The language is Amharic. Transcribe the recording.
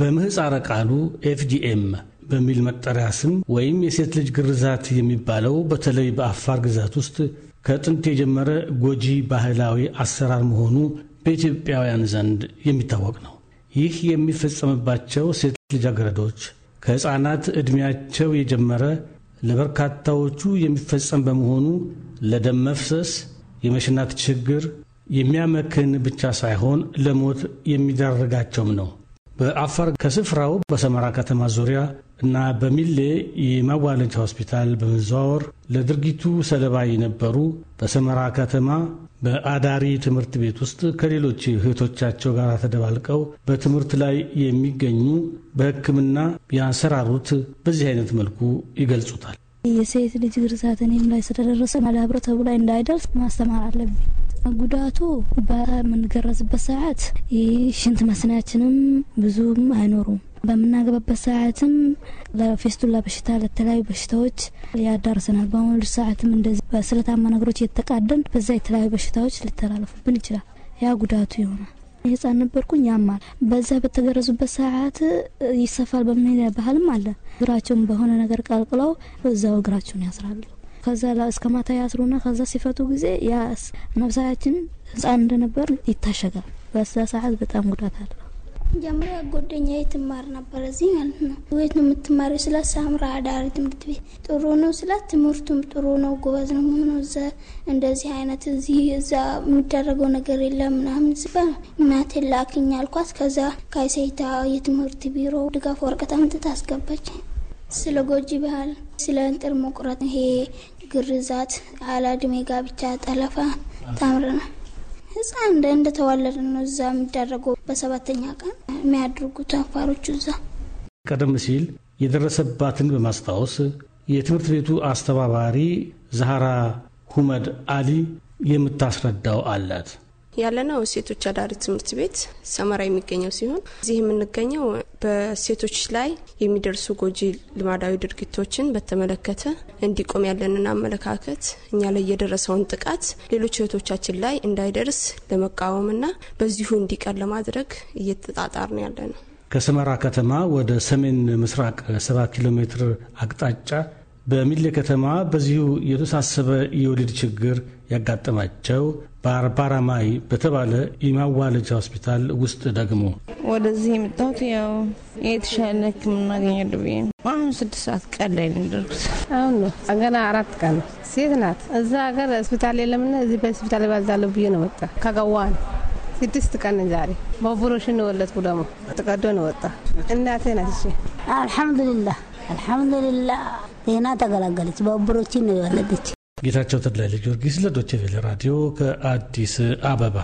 በምህፃረ ቃሉ ኤፍጂኤም በሚል መጠሪያ ስም ወይም የሴት ልጅ ግርዛት የሚባለው በተለይ በአፋር ግዛት ውስጥ ከጥንት የጀመረ ጎጂ ባህላዊ አሰራር መሆኑ በኢትዮጵያውያን ዘንድ የሚታወቅ ነው። ይህ የሚፈጸምባቸው ሴት ልጃገረዶች ከሕፃናት ዕድሜያቸው የጀመረ ለበርካታዎቹ የሚፈጸም በመሆኑ ለደም መፍሰስ፣ የመሽናት ችግር የሚያመክን ብቻ ሳይሆን ለሞት የሚዳርጋቸውም ነው። በአፋር ከስፍራው በሰመራ ከተማ ዙሪያ እና በሚሌ የማዋለጃ ሆስፒታል በመዘዋወር ለድርጊቱ ሰለባ የነበሩ በሰመራ ከተማ በአዳሪ ትምህርት ቤት ውስጥ ከሌሎች እህቶቻቸው ጋር ተደባልቀው በትምህርት ላይ የሚገኙ በሕክምና ያንሰራሩት በዚህ አይነት መልኩ ይገልጹታል። የሴት ልጅ ግርዛት እኔም ላይ ስለደረሰ ማህበረሰቡ ላይ እንዳይደርስ ማስተማር አለብኝ። ጉዳቱ በምንገረዝበት ሰዓት ሽንት መስናችንም ብዙም አይኖሩም። በምናገባበት ሰዓትም ለፌስቱላ በሽታ ለተለያዩ በሽታዎች ያዳርሰናል። በአሁኑ ሰዓትም እንደዚህ በስለታማ ነገሮች እየተቃደን በዛ የተለያዩ በሽታዎች ሊተላለፉብን ይችላል። ያ ጉዳቱ ይሆናል። ህፃን ነበርኩኝ ያማል። በዛ በተገረዙበት ሰዓት ይሰፋል በምን ባህልም አለ። እግራቸውን በሆነ ነገር ቀልቅለው እዛው እግራቸውን ያስራሉ። ከዛ እስከ ማታ ያስሩና ከዛ ሲፈቱ ጊዜ ያ ነፍሳችን ህፃን እንደነበር ይታሸጋል። በዛ ሰዓት በጣም ጉዳት አለ። መጀመሪያ ጓደኛ የትማር ነበር እዚህ ማለት ነው። ቤት ነው የምትማሪ ስላት ሳምራ አዳሪ ትምህርት ቤት ጥሩ ነው ስላት ትምህርቱም ጥሩ ነው፣ ጎበዝ ነው ሆኖ እዛ እንደዚህ አይነት እዚህ እዛ የሚደረገው ነገር የለም ምናምን ስባል እናቴ ላክኝ አልኳት። ከዛ ካይሴታ የትምህርት ቢሮ ድጋፍ ወረቀት አምጥታ አስገባች። ስለ ጎጂ ባህል ስለ እንጥር መቁረጥ ይሄ ግርዛት፣ አላድሜ ጋብቻ፣ ጠለፋ ታምረናል። ህፃን እንደተዋለደ ነው እዛ የሚደረገው። በሰባተኛ ቀን የሚያደርጉት አፋሮቹ እዛ ቀደም ሲል የደረሰባትን በማስታወስ የትምህርት ቤቱ አስተባባሪ ዛህራ ሁመድ አሊ የምታስረዳው አላት። ያለነው ሴቶች አዳሪ ትምህርት ቤት ሰመራ የሚገኘው ሲሆን እዚህ የምንገኘው በሴቶች ላይ የሚደርሱ ጎጂ ልማዳዊ ድርጊቶችን በተመለከተ እንዲቆም ያለንን አመለካከት እኛ ላይ የደረሰውን ጥቃት ሌሎች እህቶቻችን ላይ እንዳይደርስ ለመቃወምና በዚሁ እንዲቀር ለማድረግ እየተጣጣር ነው ያለ ነው። ከሰመራ ከተማ ወደ ሰሜን ምስራቅ ሰባት ኪሎ ሜትር አቅጣጫ በሚሌ ከተማ በዚሁ የተሳሰበ የወሊድ ችግር ያጋጠማቸው በአርባራማይ በተባለ የማዋለጃ ሆስፒታል ውስጥ ደግሞ ወደዚህ የመጣሁት ያው የተሻለ ሕክምና አገኛለሁ ብዬ አሁን ስድስት ሰዓት ቀን ላይ ነው የደረኩት። አሁን ነው ገና አራት ቀን ሴት ናት። እዛ ሀገር ሆስፒታል የለምና እዚህ በሆስፒታል ባዛለሁ ብዬ ነው መጣ ከገዋ ነው ስድስት ቀን ዛሬ በኦፕሬሽን ወለድኩ። ደግሞ ተቀዶ ነው ወጣ። እናቴ ናት። እሺ አልሐምዱሊላህ አልሐምዱሊላህ ይህና ተገላገለች። በብሮችን ነው የወለደች። ጌታቸው ተድላይ ለጊዮርጊስ ለዶቼ ቬለ ራዲዮ ከአዲስ አበባ